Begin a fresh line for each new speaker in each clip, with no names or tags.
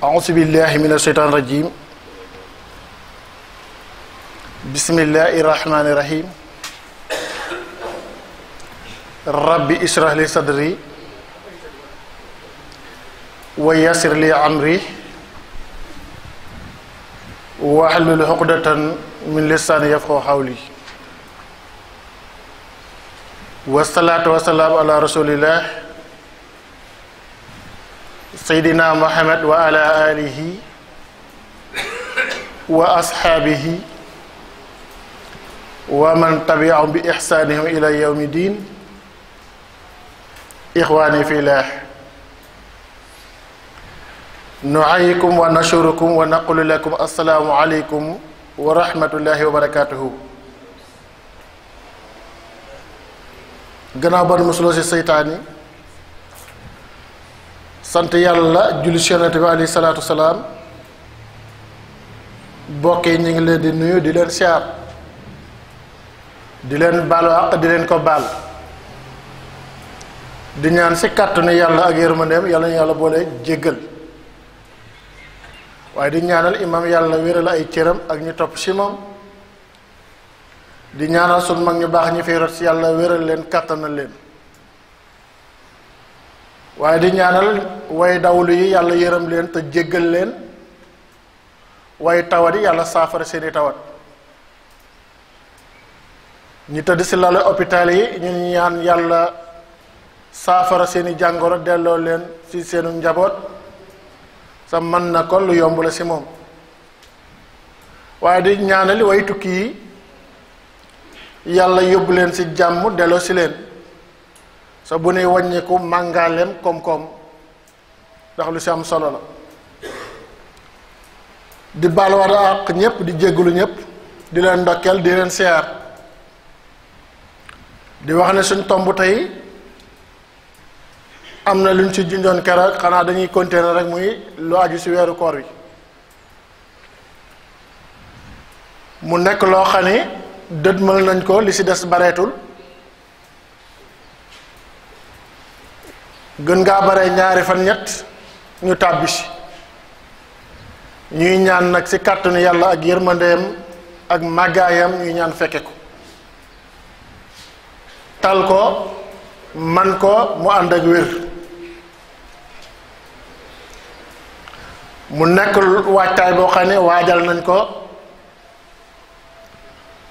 أعوذ بالله من الشيطان الرجيم بسم الله الرحمن الرحيم ربي اشرح لي صدري ويسر لي أمري واحلل عقدة من لساني يفقهوا قولي والصلاة والسلام على رسول الله saydina muhammad wa ala alihi wa ashaabihi wa man tabiahum bi ixsaanihim ila yawmi diin ixwaani fi laah nuxayikum wa nashurukum wa naqulu lakum assalaamu aleykum wa rahmatullahi wa barakaatuhu gannaaw ban musuloo si seytaani sant yàlla julli ci yonent bi alayhi salaatu salaam bokk yi ñu ngi leen di nuyu di leen siyaar di leen baalu di leen ko baal di ñaan ci kàttanu yàlla ak yërmandeem yàlla ñu yàlla boole jéggal waaye di ñaanal imam yàlla wéral ay cëram ak ñu topp ci moom di ñaanal sun mag ñu baax ñi fi si yàlla wéral leen kàttanal leen waaye di ñaanal way dawlu yi yàlla yërëm leen te jéggal leen way tawat yàlla saafara seeni tawat ñu tëdd ci lalu hôpital yi ñu ñaan yàlla saafara seeni jàngoro delloo leen ci seeni njaboot sa mën na ko lu yomb la ci moom waaye di ñaanali way tukki yi yàlla yóbbu leen ci jàmm delloo ci leen sa bu ne wàññiku màngaaleem koom-koom ndax lu si am solo la di baal war a àq ñépp di jéggulu ñépp di leen ndokkeel di leen siyaar di wax ne suñ tomb tey am na luñ ci junjoon keroog xanaa dañuy continuer rek muy lu aju ci weeru koor wi mu nekk loo xam ne dëdmal nañ ko li ci des bareetul gën ngaa bare ñaari fan ñett ñu tàbbi si ñuy ñaan nag ci kàttanu yàlla ak yërmandeem ak màggaayam ñuy ñaan fekke ko tal ko man ko mu ànd ak wér mu nekk waajtaay boo xam ne waajal nañ ko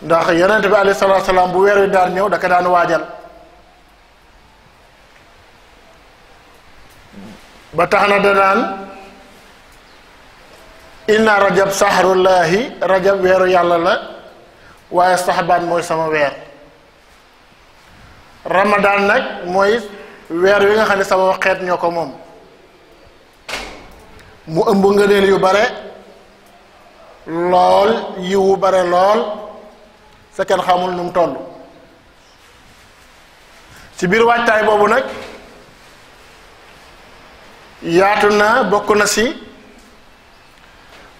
ndax yonent bi alayhi salaam bu weer wi daan ñëw da ko daan waajal ba tax na danaan inna rajab saxarullaahi rajab weeru yàlla la waaye saxbaan mooy sama weer ramadaan nag mooy weer wi nga xam ne sama xeet ñoo ko moom mu ëmb ngëneel yu bare lool yiwu bare lool sa kenn xamul nu mu toll biir waajtaay boobu nag yaatu na bokk na ci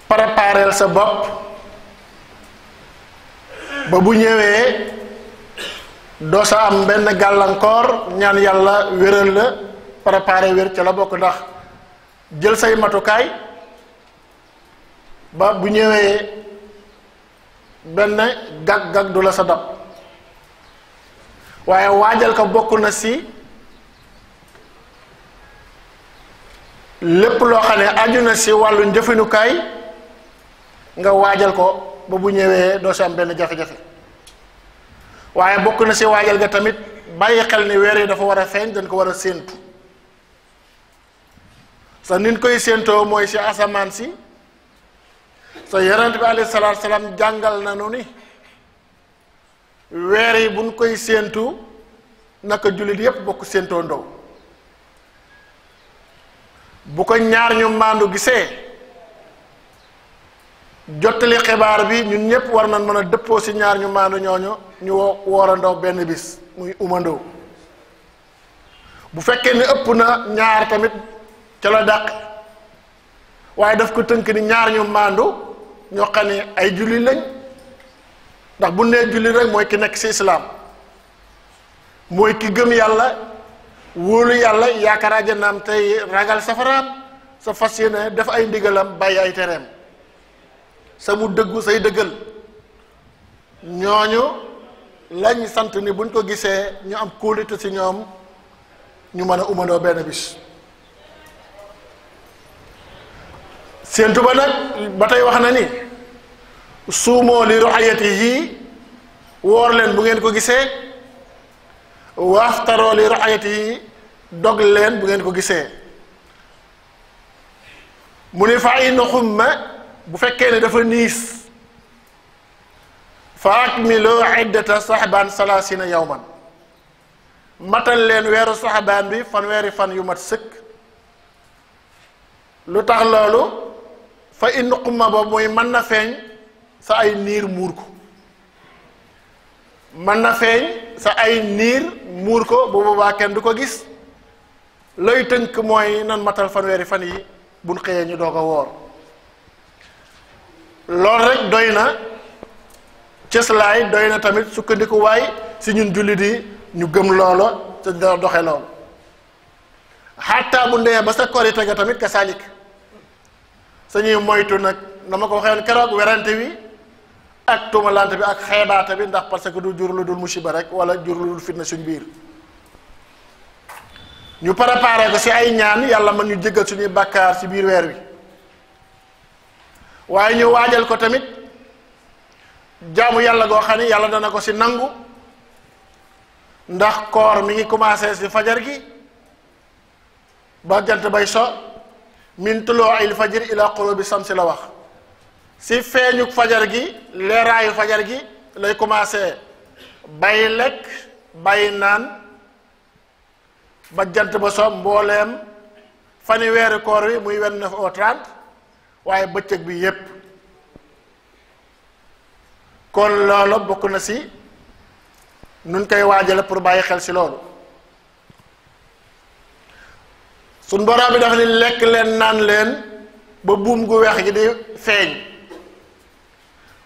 prépareel sa bopp ba bu ñëwee doo sa am benn gàllankoor ñaan yàlla wéral la préparé wér ca la bokk ndax jël say matukaay ba bu ñëwee benn gag du la sa dab waaye waajal ko bokk na ci lépp loo xam ne aju na si wàllu njëfinukaay nga waajal ko ba bu ñëwee doo si am benn jafe-jafe waaye bokk na si waajal ga tamit bàyyi xel ni weer yi dafa war a feeñ dañ ko war a séentu sa nin koy séentoo mooy si asamaan si sa yonent bi alayhi salaatu salaam jàngal nanu ni weer yi buñ koy séentu naka jullit yépp bokk séentoo ndow bu ko ñaar ñu maandu gisee jottali xibaar bi ñu ñëpp war nañ mën a dëppoo ci ñaar ñu maandu ñooñu ñu woorandoo benn bis muy umandoo bu fekkee ni ëpp na ñaar tamit ca la dàq waaye daf ko tënk ni ñaar ñu maandu ñoo xam ne ay julli lañ ndax bu nee julli rek mooy ki nekk ci islaam mooy ki gëm yàlla wóolu yàlla yaakaar àjjanaam tey ragal safaraam sa fas yéene def ay ndigalam bàyyi ay tereem samu dëggu say dëggal ñooñu lañ sant ni buñ ko gisee ñu am kóolute ci ñoom ñu mën a umandoo benn bis séentu ba nag ba tey wax na ni suumoo li roxayati yii woor leen bu ngeen ko gisee waaftaroo li raayati yi dog leen bu ngeen ko gisee mu ne fa ay xumma bu fekkee ne dafa niis fa akmiloo iddata saxbaan salaasina yawman matal leen weeru saxbaan bi fanweeri fan yu mat sëkk lu tax loolu fa in xumma ba muy mën na feeñ sa ay niir muur ko mën na feeñ sa ay niir muur ko bu boobaa kenn du ko gis looy tënk mooy nan matal fanweeri fan yi bu xëyee ñu doo ko woor lool rek doy na cëslaay doy na tamit sukkandikuwaay si ñun jullit yi ñu gëm loolo te doxe loolu xataa bu ndee ba sa korite ga tamit ka saalik sañuy moytu nag dama ko waxee woon keroog werante wi ak tuumalante bi ak xeebaate bi ndax parce que du jur lu dul musiba rek wala jur lu dul fitna suñ biir ñu préparé ko ci ay ñaan yàlla mën ñu jéggal suñuy bàkkaar ci biir weer wi waaye ñu waajal ko tamit jaamu yàlla goo xam ne yàlla dana ko ci nangu ndax koor mi ngi commencé ci fajar gi ba jant bay so min tuluu il fajr ila qurubi samsi la wax si feeñu fajar gi leeraayu fajar gi lay commencé bàyyi lekk bàyyi naan ba jant ba so mbooleem fani weeri koor wi muy wenn neuf waaye bëccëg bi yépp kon loolu bokk na si nun koy waajale pour bàyyi xel si loolu suñ borom bi dafa ni lekk leen naan leen ba buum gu weex gi di feeñ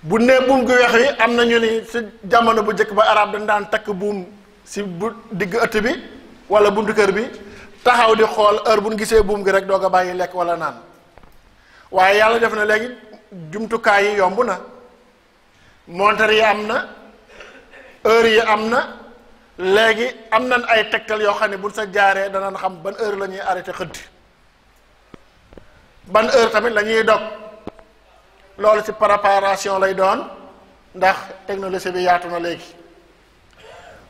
bu ne buum gu weex wi am na ñu ni si jamono bu jëkk ba arab dañ daan takk buum si bu digg ëtt bi wala buntu kër bi taxaw di xool heure bu ñu gisee buum gi rek doog a bàyyi lekk wala naan waaye yàlla def na léegi jumtukaay yi yomb na montar yi am na heure yi am na léegi am nañ ay tegtal yoo xam ne buñ sa jaaree danañ xam ban heure la ñuy arrêté xëdd ban heure tamit lañuy dog loolu ci paraparation lay doon ndax technologie bi yaatu na léegi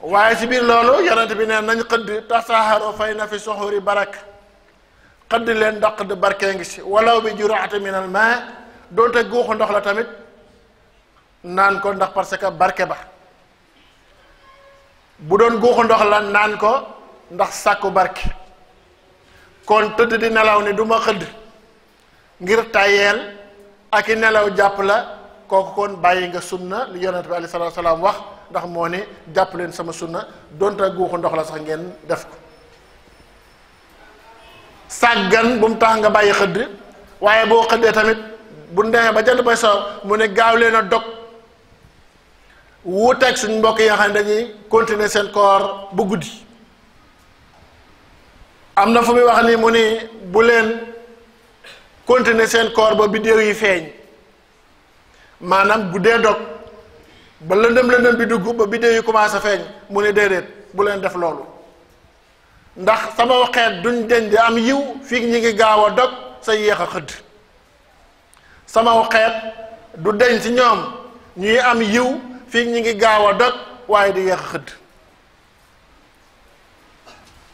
waaye ci biir loolu yonent bi neen nañ xëdd tasaaharoo fay na fi soxuri barak xëdd leen daq de barkee ngi ci walaw bi juraata minal maa doonte guuxu ndox la tamit naan ko ndax parce que barke ba bu doon guuxu ndox la naan ko ndax sàkku barke kon tëdd di nelaw ni du ma xëdd ngir tayeel ak i nelaw jàpp la kooku kon bàyyi nga sunna li yonent bi aleyhi salaatu wa salaam wax ndax moo ne jàpp leen sama sunna donte guuxu ndox la sax ngeen def ko sàggan bu mu tax nga bàyyi xëdd waaye boo xëddee tamit bu ndemee ba jant bay soow mu ne gaaw leen a dog wuuteeg suñ mbokk yi xam ne dañuy continuer seen koor bu guddi am na fu muy wax ni mu ni bu leen continuer seen koor ba biddéew yi feeñ maanaam guddee dog ba lëndëm lëndëm bi dugg ba biddéew yi commencé feeñ mu ne déedéet bu leen def loolu ndax sama waxeet duñ deñ di am yiw fii ñi ngi gaaw a dog sa yéex a xëdd sama waxeet du deñ ci ñoom ñuy am yiw fii ñi ngi gaaw a dog waaye di yéex xëdd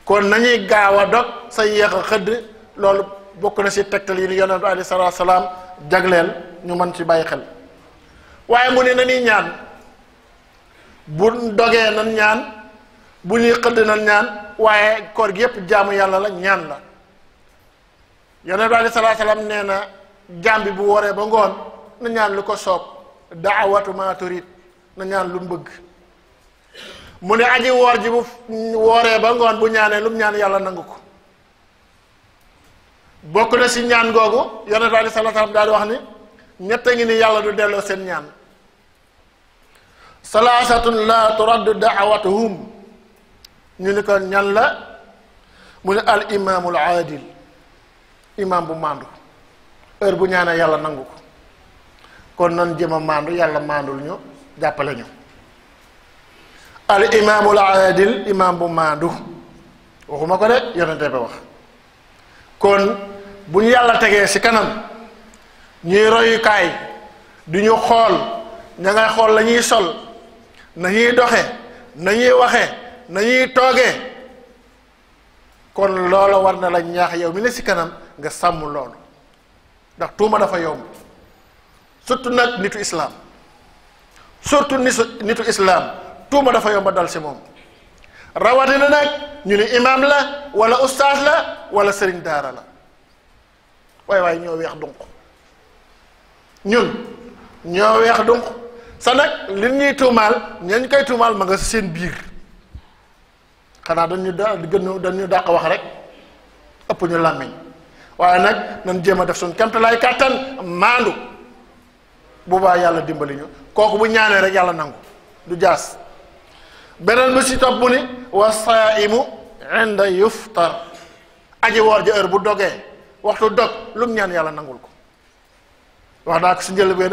kon nañuy gaaw a dog sa yéex a xëdd loolu bokk na si tegtal yi ni yonent bi aleyhi salaatu salaam jagleel ñu mën ci bàyyi xel waaye mu ne na ñaan bu dogee nan ñaan bu ñuy xëdd nan ñaan waaye koor gi yépp jaamu yàlla la ñaan la yonent bi aleyhi salaam nee na jaam bi bu woree ba ngoon na ñaan lu ko soob daawatu maa turid na ñaan lu mu bëgg mu ne aji woor ji bu wooree ba ngoon bu ñaanee lu mu ñaan yàlla nangu ko bokk na si ñaan googu yonent bi aleyhi salaatu wax ni ñett delloo seen ñaan salaasatun la turaddu daawatuhum ñu ni ko ñan la mu ne al imaamul aadil imaam bu màndu heure bu ñaanee yàlla nangu ko kon nan jëm a màndu yàlla màndul ñu jàppale ñu al imaamul aadil imaam bu màndu waxuma ko de yonente ba wax kon bu ñu yàlla tegee ci kanam ñuy royukaay du ñu xool ña ngay xool la ñuy sol na ñuy doxe na ñuy waxe na ñuy tooge kon loola war na la ñaax yow mi ne ci kanam nga sàmm loolu ndax tuuma dafa yomb surtout nag nitu islaam surtout nitu islaam tuuma dafa yomba dal ci moom rawatina nag ñu ni imam la wala ustaas la wala sëriñ daara la waaye waaye ñoo weex donc ñun ñoo weex donc sa nag li ñuy tuumaal ñañ koy tuumaal ma seen biir xanaa dañu da gën dañu dàq wax rek ëpp ñu làmmiñ waaye nag nan jéem a def suñ kemtalaay kàttan maandu bu baa yàlla dimbali ñu kooku bu ñaanee rek yàlla nangu du jaas beneen bi si topp mu ni wa saaimu inda yuftar aji woor ja heure bu dogee waxtu dog lu ñaan yàlla nangul ko wax naa ko si njël bi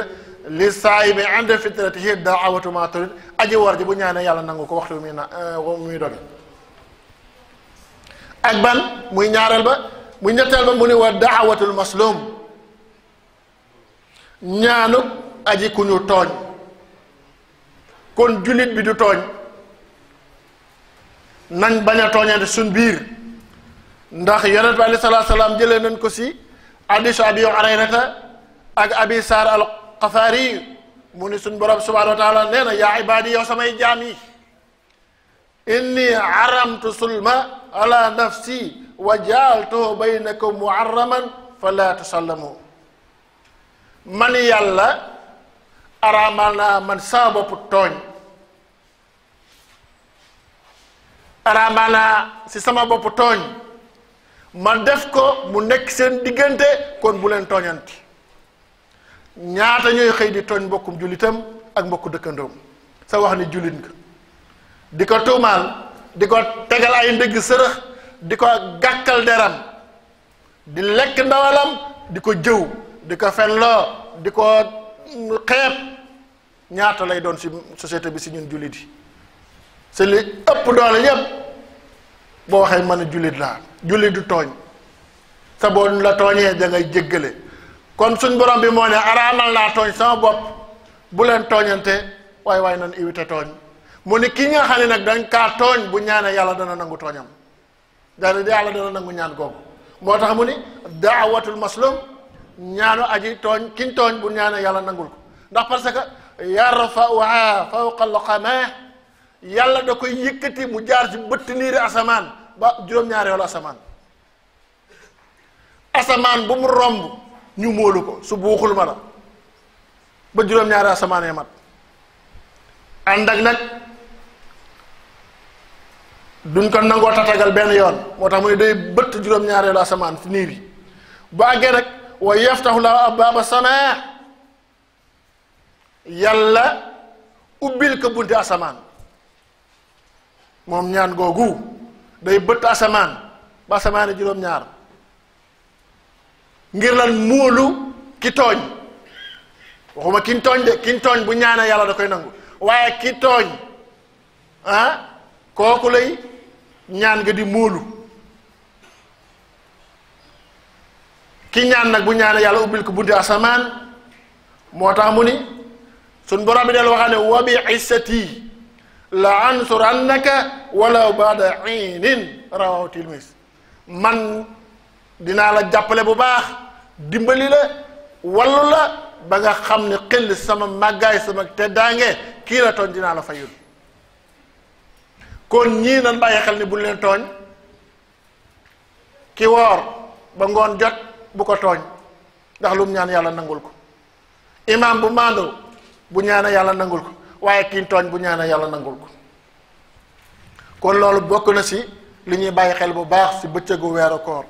li saayimi inda fitratihi daawatu ma bu ñaanee yàlla nangu ko waxtu muy na euh, muy doge ak ban muy ñaareel ba muy ñetteel ba mu ni wa daawatul maslum ñaanu aji ku ñu tooñ kon jullit bi du tooñ nañ bañ tooñante suñ biir ndax yonent bi aleyhi salaatu salaam jële nañ ko si hadiisu Abi Hurayrata ak Abi Sarr al-Ghifari mu ni suñ borom subhaanahu wa taala nee na yaa ibaadi yow samay jaam yi inni haramtu sulma ala nafsi wa jaaltuhu baynakum muharraman fala tusallamu man yàlla araamal man saa bopp tooñ araamaa ci sama bopp tooñ ma def ko mu nekk seen diggante kon bu leen tooñanti ñaata ñooy xëy di tooñ mbokkum jullitam ak mbokku dëkkandoom sa wax ni jullit nga di ko tuumaal di ko tegal ay ndëgg sërëx di ko gàkkal deram di lekk ndawalam di ko jëw di ko fenloo di ko xeeb ñaata lay doon si société bi si ñun jullit yi c' est li ëpp doole yépp boo waxee man a jullit laa jullit du tooñ sa boo la tooñee da ngay jéggale kon suñ borom bi moo ne araamal naa tooñ sama bopp bu leen tooñante waaye waaye nan iwite tooñ mu ni kii nga xam ne nag dañ kaa tooñ bu ñaanee yàlla dana nangu tooñam daal de yàlla dana nangu ñaan googu moo tax mu ni daawatul maslum ñaanu aji tooñ kiñ tooñ bu ñaanee yàlla nangul ko ndax parce que yarfauha fawqa loqamee yàlla da koy yëkkati mu jaar ci bëtt niiri asamaan ba juróom-ñaari wala asamaan asamaan bu mu romb ñu móolu ko su buuxul ma la ba juróom-ñaari asamaan ya mat ànd ak nag duñ ko nangoo tatagal benn yoon moo tax mu ne day bëtt juróom-ñaareelu asamaan ci niir yàlla ubbil ko bunti asamaan moom ñaan googu day bëtt asamaan ba asamaane juróom-ñaar ngir lan muulu ki tooñ waxuma kiñ tooñ de kiñ tooñ bu ñaanee yàlla da koy nangu waaye ki tooñ ah kooku lay ñaan nga di muulu ki ñaan nag bu ñaanee yàlla ubbil ko bunti asamaan moo tax mu ni suñ borom bi del waxaa ne wabi issati la ansurannaka walaw baada iinin rawahu tilmis man dinaa la jàppale bu baax dimbali la wallu la ba nga xam ne xilli sama màggaay sama teddaange kii la tooñ dinaa la fayul kon ñii nan bàyyi xel ni buñ leen tooñ ki ba ngoon jot bu ko tooñ ndax lu ñaan yàlla nangul ko imaam bu maandu bu ñaana yàlla nangul ko waaye kiñ tooñ bu ñaanee yàlla nangul ko kon loolu bokk na si li ñuy bàyyi xel bu baax ci bëccëgu weeru koor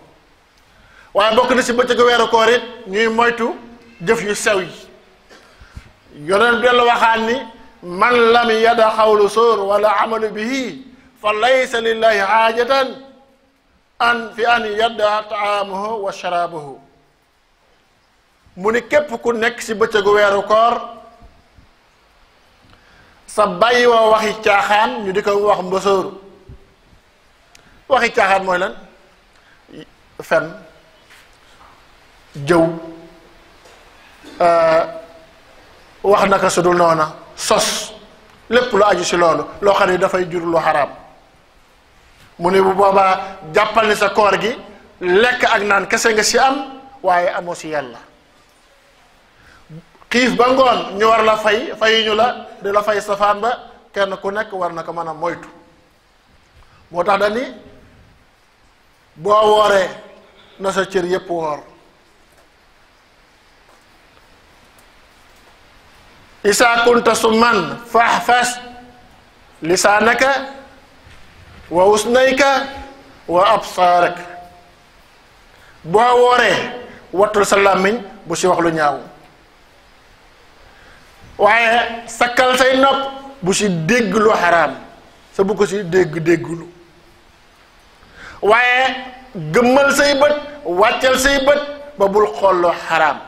waaye bokk na si bëccëgu weeru koor it ñuy moytu jëf yu sew yi yoneen dellu waxaan ni man lam yada xawlu sóor wala amalu bihi fa laysa lillahi xaajatan an fi an yadda taamuhu wa sharaabuhu mu ni képp ku nekk ci bëccëgu weeru koor sa bàyyi woo waxi caaxaan ñu di ko wax mbosóoru waxi caaxaan mooy lan fen jëw euh, wax naka su dul noona sos lépp lu aju si loolu loo xam ne dafay jur lu xaraam mu ne bu boobaa jàppal ni sa koor gi lekk ak naan kese nga si am waaye amoo si yàlla xiif ba ngoon ñu war la fay fayuñu la di la fay safaan ba kenn ku nekk war na ko mën a moytu moo tax dani boo wooree na sa cër yépp woor isaa kunta summan fahfas lisaanaka wa usnayka wa absaarak boo wooree wattul sa làmmiñ bu si wax lu ñaaw waaye sakkal say nopp bu ci dégg lu xaraam sa bu ko ci dégg dégglu waaye gëmmal say bët wàccal say bët ba bul xool lu xaraam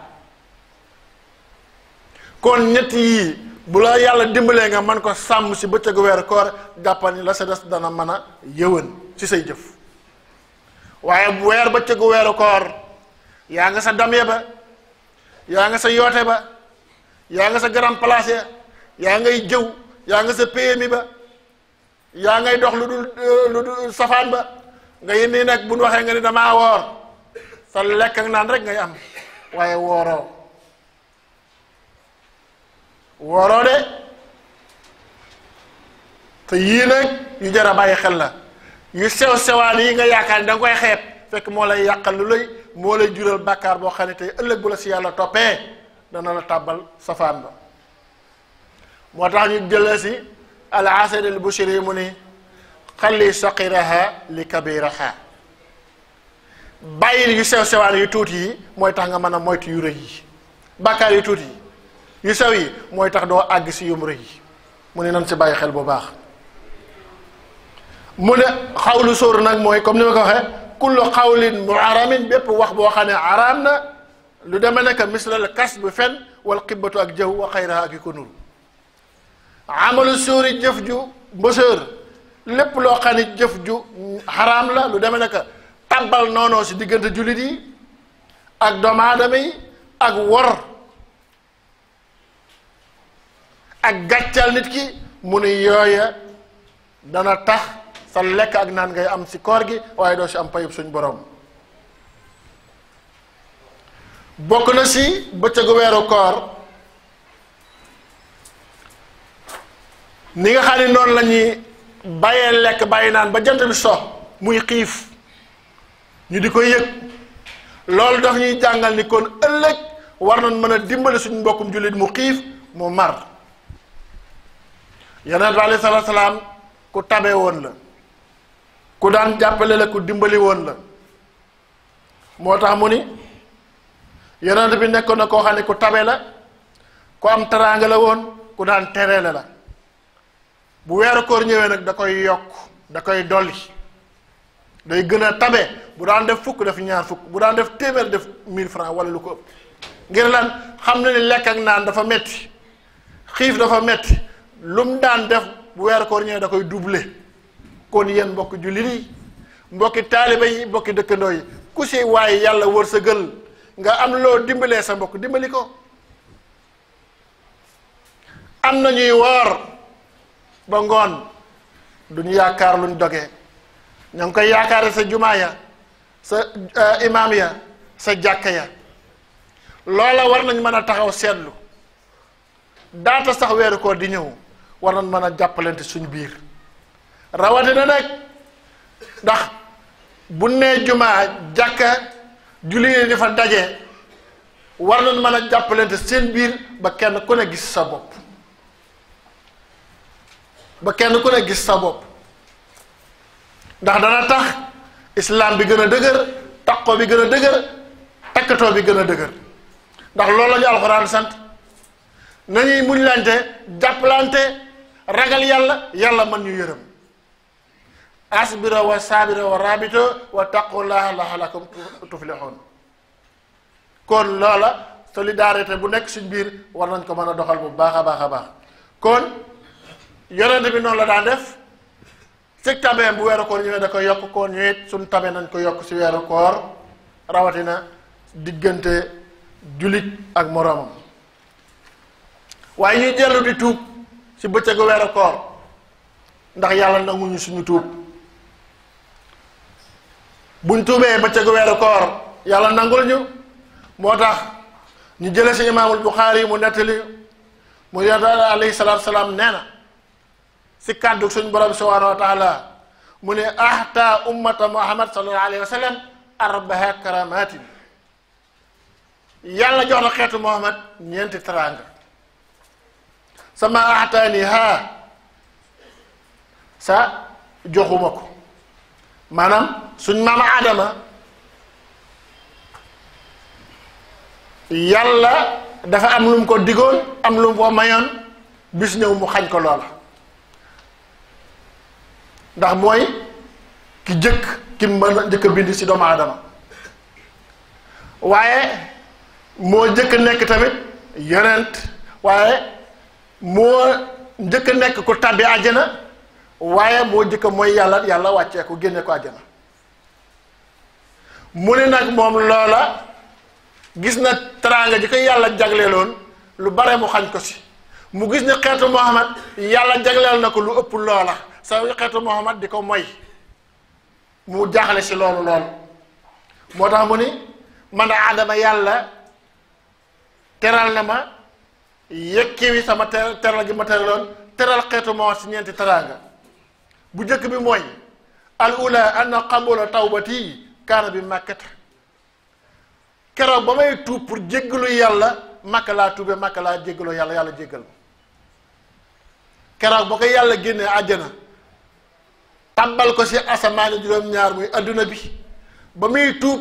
kon ñett yii bu la yàlla dimbalee nga mën ko sàmm si bëccëgu weeru koor jàppal ni la sa des dana mën a yëwan ci say jëf waaye bu weer bëccëgu weeru koor yaa nga sa dame ba yaa nga sa yoote ba yaa nga sa grand place ya yaa ngay jëw yaa nga sa PMI ba yaa ngay dox lu dul euh, lu dul safaan ba nga yéen nii nag bu ñu waxee nga ni damaa woor sa lekk naan rek ngay am waaye wooroo wooroo de te yii nag yu jar a bàyyi xel la yu sew sewaan yi nga yaakaar ni da nga koy xeeb fekk moo lay yàqal lu lay moo lay jural bàkkaar boo xam tey ëllëg bu la si yàlla toppee dana la tàbbal safaan ba moo tax ñu jëlee si al asad al bushri mu ni xalli saqiraha li kabiraha bàyyil yu sew sewaan yu tuuti yi mooy tax nga mën a moytu yu rëy yi bàkkaar yu tuuti yi yu sew yi mooy tax doo àgg si yum rëy yi mu ne nan si bàyyi xel bu baax mu ne xawlu sóor nag mooy comme ni ma ko waxee kullu xawlin muaramin bépp wax boo xam ne araam na lu deme nekk mislal kas bi fen wal xibbatu ak jëw wa xayraha ak yu ko nuru amalu suuri jëf ju mbësër lépp loo xam ne jëf ju xaraam la lu deme nekk tàbbal noonoo si diggante jullit yi ak doomu aadama yi ak wor ak gàccal nit ki mu ne yooya dana tax sa lekk ak naan ngay am si koor gi waaye doo si am payub suñ borom bokk na si bëccëgu weeru koor ni nga xam ne noonu lañuy ñuy bàyyee lekk bàyyi naan ba jant bi so muy xiif ñu di ko yëg loolu daf ñuy jàngal ni kon ëllëg war nañ mën a dimbali suñu mbokkum jullit mu xiif mu mar yonent bi aleyhi salaam ku tabe woon la ku daan jàppale la ku dimbali woon la moo tax mu ni yonent bi nekkoon na koo xam ne ku tabe la ku am taraanga la woon ku daan tereele la bu weeru koor ñëwee nag da koy yokk da koy dolli day gën a tabe bu daan def fukk def ñaar fukk bu daan def téeméer def mille francs wala lu ko ëpp ngir lan xam na ni lekk ak naan dafa metti xiif dafa metti lu mu daan def bu weeru koor ñëwee da koy duble kon yéen mbokk jullit yi mbokki taaliba yi mbokki dëkkandoo yi ku si waaye yàlla wërsëgal nga am loo dimbalee sa mbokk dimbali ko am na ñuy woor ba ngoon duñu yaakaar luñ dogee ña ngi koy yaakaare sa jumaa ya sa euh, imaam ya sa jàkka ya loola war nañ mën a taxaw seetlu daata sax weeru koor di ñëw war nañ mën a jàppalante suñu biir rawatina nag ndax bu nee jumaa jàkka julli yi dafa daje war nañ mën a jàppalante seen biir ba kenn ku ne gis sa bopp ba kenn ku ne gis sa bopp ndax dana tax islam bi gën a dëgër taqoo bi gën a dëgër takkatoo bi gën a dëgër ndax loolu lañu ñu alxuraan sant nañuy muñlante jàppalante ragal yàlla yàlla mën ñu yërëm asbira wa saabira wa rabita wa taqullaha laalakum tuflihun kon loola solidarité bu nekk suñ biir war nañ ko mën a doxal bu baax a baax a baax kon yonent bi noonu la daan def si bu weeru da ko yokk koon ñu suñ tabe nañ ko yokk ci weeru koor rawatina diggante jullit ak moroomam waaye ñuy dellu di tuub si bëccëgu weeru koor ndax yàlla nanguñu suñu tuub bu buñ tuubee bëccëgu weeru koor yàlla nangul ñu moo tax ñu jëlee si imaamul buxaari mu nettali mu yonent alayhi salaatu nee na si kàddu suñ mu ne ahta ummata muhammad sallallahu alayhi wa sallam jox na xeetu muhammad ñeenti teraanga sama sa joxuma ko maanaam suñ maam Adama yàlla dafa am lu mu ko digoon am lu mu ko mayoon bis mu xañ ko loola ndax mooy ki jëkk ki mën njëkk bind si doomu aadama waaye moo njëkk nekk tamit yonent waaye moo njëkk nekk ku tàbbi àjjana waaye moo njëkk mooy yàlla yàlla wàccee ko génne ko àjjana mu ne nag moom loola gis na teraanga ji ko yàlla jagleeloon lu bare mu xañ ko si mu gis ni xeetu Muhammad yàlla jagleel na ko lu ëpp loola sa xeetu Muhammad di ko moy mu jaaxle si loolu lool moo tax mu ni man aadama yàlla teral na ma yëkkiwi sama ter teral gi ma teraloon teral xeetu Muhammad si ñeenti teraanga bu njëkk bi mooy al ula anna qabula tawbati kaana bi màkkata keroog ba may tuub pour jéggalu yàlla màkka laa tuube màkka laa jéggaloo yàlla yàlla jéggal ma keroog ba ko yàlla génnee àjjana tàmbal ko si asamaan juróom-ñaar muy adduna bi ba muy tuub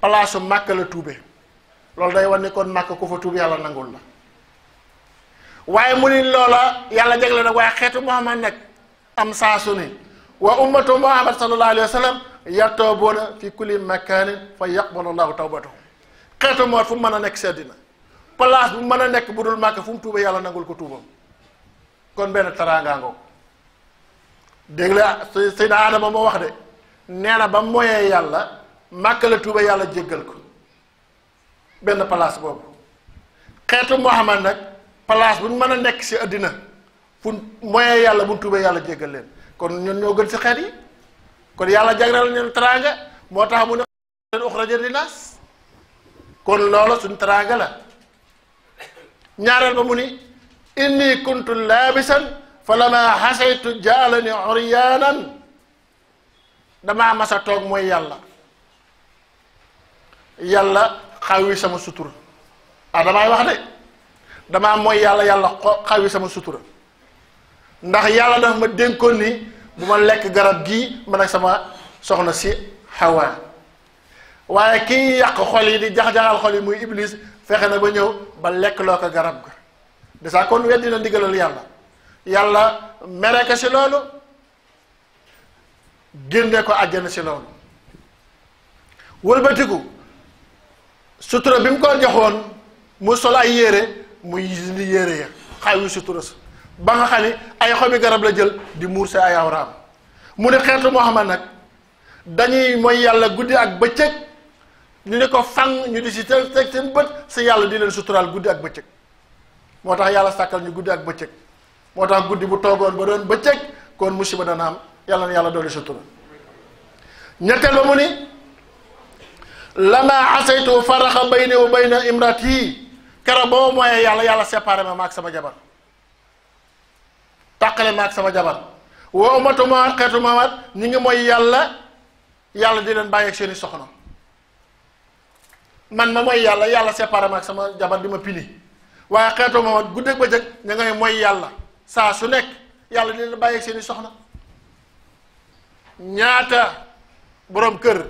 palaasu màkka la tuube loolu day wane nekkoon màkk ku fa tuub yàlla nangul la waaye mu ni loola yàlla jagle nag waaye xeetu Muhammad nekk am saa su ne wa ummatu Muhammad sallallahu alayhi wa sallam yatooboona fi kulli makanin fa yaqbalu llahu tawbatahum xeetu moot fu mu mën a nekk seddina place bu mën a bu dul màkk fu mu tuuba yàlla nangul ko tuubam kon benn taraangaangoo dégg la Seydina moo wax de nee yàlla màkk la yàlla jéggal ko benn place boobu xeetu Muhammad nag place bu ñu mën a nekk si àddina fu moyee yàlla bu ñu tuubee yàlla jéggal leen kon ñun ñoo gën si xeet yi kon yàlla jagleel ñun teraanga moo tax mu ne leen uxraja linaas kon loolu suñ teraanga la ñaareel ba mu ni inni kuntu laabisan fa lama xasaytu jaalani uryaanan damaa masa toog mooy yàlla yàlla xawi sama sutura ah damay wax de damaa mooy yàlla yàlla xawi sama sutura ndax yàlla dafa ma dénkoon ni bu ma lekk garab gii man ak sama soxna si Hawa waaye kii yàq xol yi di jax-jaxal xol yi muy iblis fexe na ba ñëw ba lekk loo ko garab ga déjà kon weddi na ndigalal yàlla yàlla mere ko si loolu génne ko àjjana si loolu wëlbatiku sutura bi mu ko joxoon mu sol ay yére mu yis ni yére ya xaw sutura sa ba nga xam ne ay xobi garab la jël di muur sa ay awraam mu ne xeetu Muhammad nag dañuy mooy yàlla guddi ak bëccëg ñu ne ko fang ñu di si teg teg bët si yàlla di leen suturaal guddi ak bëccëg moo tax yàlla sàkkal ñu guddi ak bëccëg moo tax guddi bu toogoon ba doon bëccëg kon musiba dana am yàlla na yàlla doole sutura ñetteel ba mu ni lama a faraxa bayni wa bayna imrat yii kero boo mooyee yàlla yàlla séparé ma ak sama jabar tàqale ma ak sama jabar wa umatu ma xeetu maamat ñi ngi mooy yàlla yàlla di leen bàyyeeg seeni soxna man ma mooy yàlla yàlla séparé ma ak sama jabar di ma pini waaye xeetu maamat guddeeg bëccëg ña ngay mooy yàlla saa su nekk yàlla di leen seeni soxna ñaata boroom kër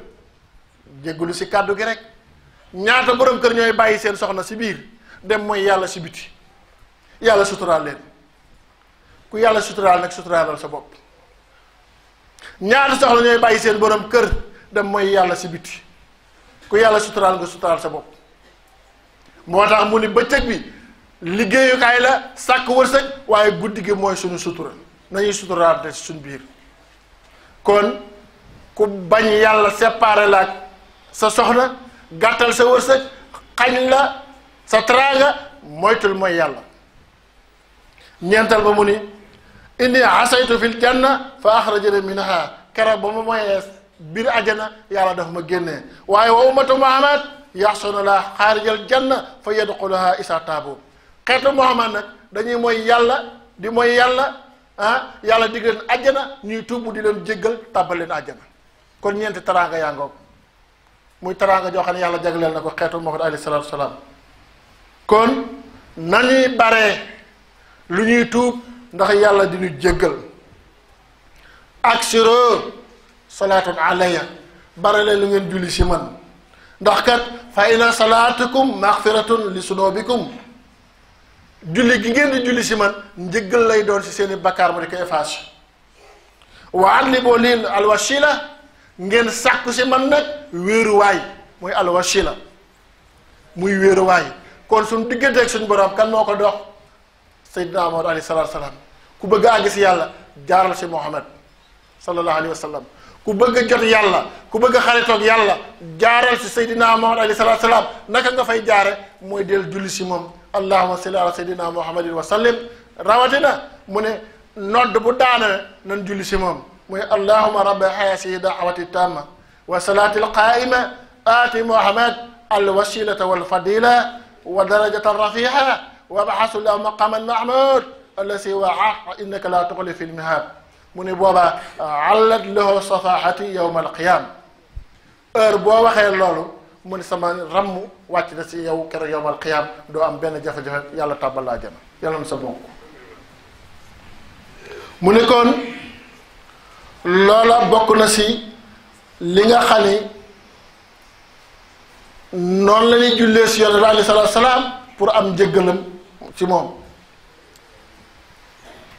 jéggulu si kàddu gi rek ñaata borom kër ñooy bàyyi seen soxna si biir dem mooy yàlla si biti yàlla suturaal leen ku yàlla suturaal nag suturaalal sa bopp ñaata soxla ñooy bàyyi seen borom kër dem mooy yàlla si biti ku yàlla suturaal nga suturaal sa bopp moo tax mu ni bëccëg bi liggéeyukaay la sàkk wërsëg waaye guddi gi mooy suñu sutura nañuy suturaal de suñu biir kon ku bañ yàlla séparé laaj sa soxna gàttal sa wërsëg xañ la sa teraanga moytul mooy yàlla ñeental ba mu ni inni asaytu fil janna fa axrajani minha keroog ba ma moyee biir ajana yàlla dafa ma génnee waaye wa ummatu muhammad yaxsuna la xaarijal janna fa yadxuluha isa taabu xeetu muhammad nag dañuy mooy yàlla di mooy yàlla ah yàlla dig leen ajjana ñuy tuub di leen jéggal tàbbal leen ajjana kon ñeenti taraanga yaa ngoog muy taraanga joo xam ne yàlla jagleel na ko xeetu muhammad alayhi salaatu wasalaam kon nañuy baree lu ñuy tuub ndax yàlla di ñu jéggal aksiro salaatun alayya bare leen ngeen julli si man ndax kat fa ina salaatukum maxfiratun li sunubikum julli gi ngeen di julli si man njëggal lay doon si seeni i bakkaar ma di ko efface wa adliboo liin alwasila ngeen sàkku si man nag wéeruwaay mooy alwasila muy wéeruwaay kon suñ digganteeg suñ borom kan moo ko dox sayyidina Muhammad alayhi salaatu wa salaam ku bëgg a àgg si yàlla jaaral si Muhammad sallallahu alayhi wa sallam ku bëgg a jot yàlla ku bëgg a xaritoog yàlla jaaral si sayyidina Muhammad alayhi salaatu wa salaam naka nga fay jaare mooy del julli si moom allahumma salli ala sayyidina Muhammadin wa sallim rawatina mu ne nodd bu daana nan julli si moom muy allahumma rabba hayasihi daawati tamma wa salaati alqaa'ima aati Muhammad alwasilata walfadila wa darajata rafiha wabaxasu la maqaman mahmud allasi waa innaka laa tuxlifi lmihab mu ne boobaa allat lahu safaxati yowma alqiyama heure boo waxee loolu mu ne sama ramm wàcc na si yow keroog yowma alqiyama doo am benn jafe-jafe yàlla tàbbal laa jana yàlla na sa bonk mu ne kon loola bokk na si li nga xam ni la ñuy jullee si yonent bi salaam pour am njëggalam ci moom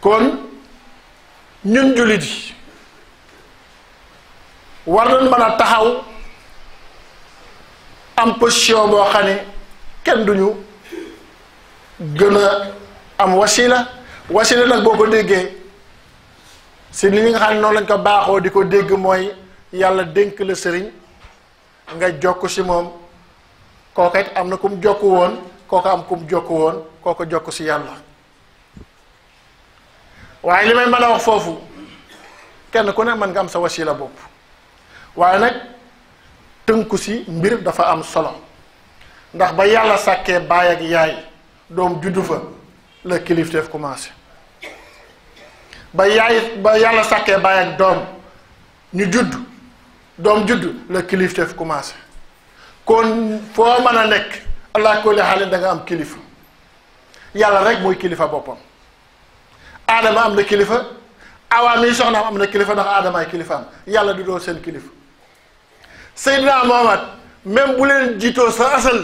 kon ñun jullit yi war nañ mën a taxaw am position boo xam kenn duñu gën a am wasila wasila nag boo ko déggee si li nga xam noonu lañ ko baaxoo di ko dégg mooy yàlla dénk la sëriñ nga jokk si moom kooka am na ku mu jokk woon kooko am kum jokk woon kooko jokk si yàlla waaye li may mën a wax foofu kenn ku ne mën nga am sa wasila bopp waaye nag tënku si mbir dafa am solo ndax ba yàlla sàkkee baay ak yaay doom juddu fa la kilifteef commencé ba yaay ba yàlla sàkkee baay ak doom ñu judd doom judd la kilifteef commencé kon foo mën a nekk allah kulli xaalin da am kilifa yàlla rek mooy kilifa boppam aadama am na kilifa awaa mii soxnaam am na kilifa ndax aadamaay kilifaam yàlla du doon seen kilifa Seydina Muhammad même bu leen jiitoo sa asal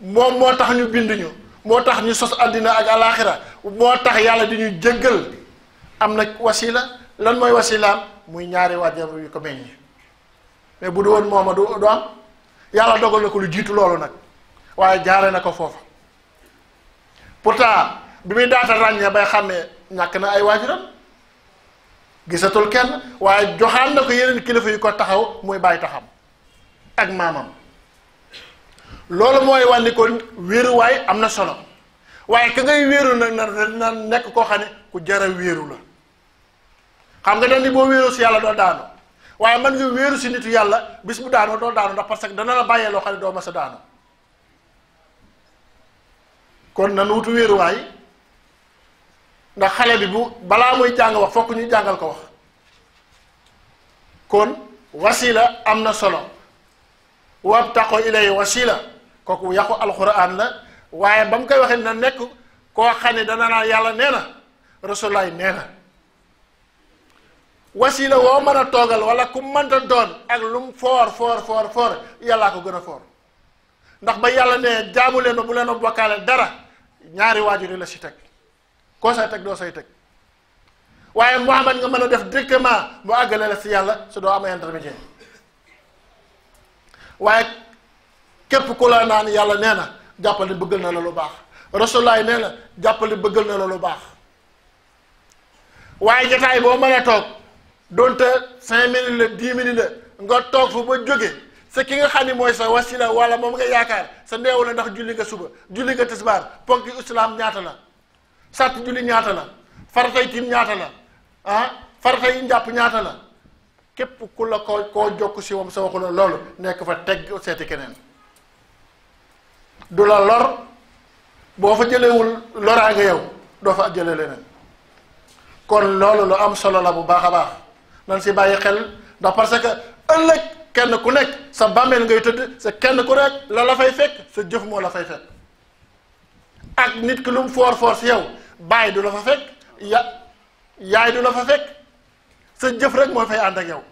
moom moo tax ñu bind ñu moo tax ñu sos àddina ak alaaxira moo tax yàlla di ñu jëggal am na wasila lan mooy wasilaam muy ñaari waajaram yu ko meññ mais bu du woon mooma du am yàlla dogal na ko lu jiitu loolu nag waaye jaare na ko foofa pourtant bi muy daata ràññee bay ne ñàkk na ay waajuram gisatul kenn waaye joxaan na ko yeneen kilifa yu ko taxaw muy bàyyi taxam ak maamam loolu mooy wàlli ko wéeruwaay am na solo waaye ka ngay wéeru nag na na nekk koo xam ne ku jara wéeru la xam nga dañ ni boo wéeru si yàlla doo daanu waaye man nga wéeru si nitu yàlla bis bu daanoo doo daanu ndax parce que dana la bàyyee loo xam ne doo mas a daanu kon nan wutu wéeruwaay ndax xale bi bu balaa muy jàng wax fokk ñu jàngal ko wax kon wasila am na solo wabtaqo ilay wasila kooku yàqu alxuraan la waaye ba mu koy waxee na nekk koo xam ne dana naa yàlla nee na rasulaay nee na wasila woo mën a toogal wala ku mënta doon ak lu mu foor foor foor yàllaa ko gën a foor ndax ba yàlla nee jaamu leen ma bu leen a dara ñaari waajur yi la si teg koo say teg doo say teg waaye muhammad nga mën a def directement mu àggale la si yàlla su doo am intermédiaire waaye képp ku la naan yàlla nee na jàppale bëggal na la lu baax rasulaay nee na jàppale bëggal na la lu baax waaye jotaay boo mën a toog doonte cinq minutes la dix minutes la nga toog fu ba jóge sa ki nga xam ni mooy sa wasila wala moom nga yaakaar sa neew la ndax julli nga suba julli nga tisbaar ponk yu islaam ñaata la sàtt julli ñaata la faratay tiim ñaata la ah njàpp ñaata la képp ku la ko koo jokk si moom sa waxu loolu nekk fa teg seeti keneen du la lor boo fa jëlewul loraa nga yow doo fa jële leneen kon loolu lu am solo la bu baax a baax nan si bàyyi xel ndax parce que ëllëg kenn ku nekk sa bàmmeel ngay tëdd sa kenn ku nekk la la fay fekk sa jëf moo la fay fekk ak nit ki lu mu foor foor si yow bàyyi du la fa fekk ya yaay du la fa fekk sa jëf rek moo fay ànd ak yow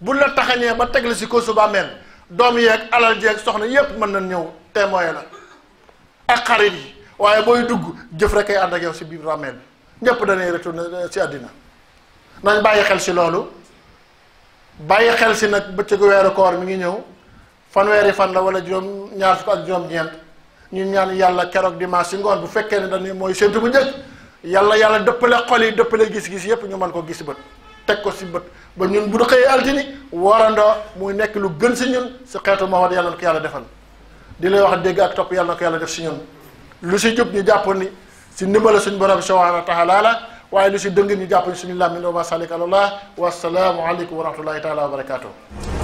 bu la taxañee ba teg la si ko su bàmmeel doom yeeg alal jeeg soxna yépp mën na ñëw témoin la ak xarit yi waaye booy dugg jëf rek ay ànd ak yow si biir bàmmeel bi ñépp danay retourné euh, si àddina nañ bàyyi xel si loolu bàyyi xel si nag bëccëgu weeru koor mi ngi ñëw fanweeri fan la wala juróom ñaar fukk ak juróom-ñeent ñun ñaan yàlla keroog dimanche si ngoon bu fekkee ne dañu mooy séntu bu njëkk yàlla yàlla dëppale xol yi dëppale gis-gis yépp ñu man ko gis bët teg ko si bët ba ñun bu ñu xëyee altini warandoo muy nekk lu gën si ñun si xeetu Muhammad yàlla na ko yàlla defal di lay wax dégg ak topp yàlla na ko yàlla def si ñun lu si jub ñu jàpp ni si ndimbala suñu borom subhanahu wa taala waaye lu si dëng ñu jàppale suñu làmmiñ wa ma salik alallah wasalaamu aleykum wa rahmatullahi taala wa barakaatu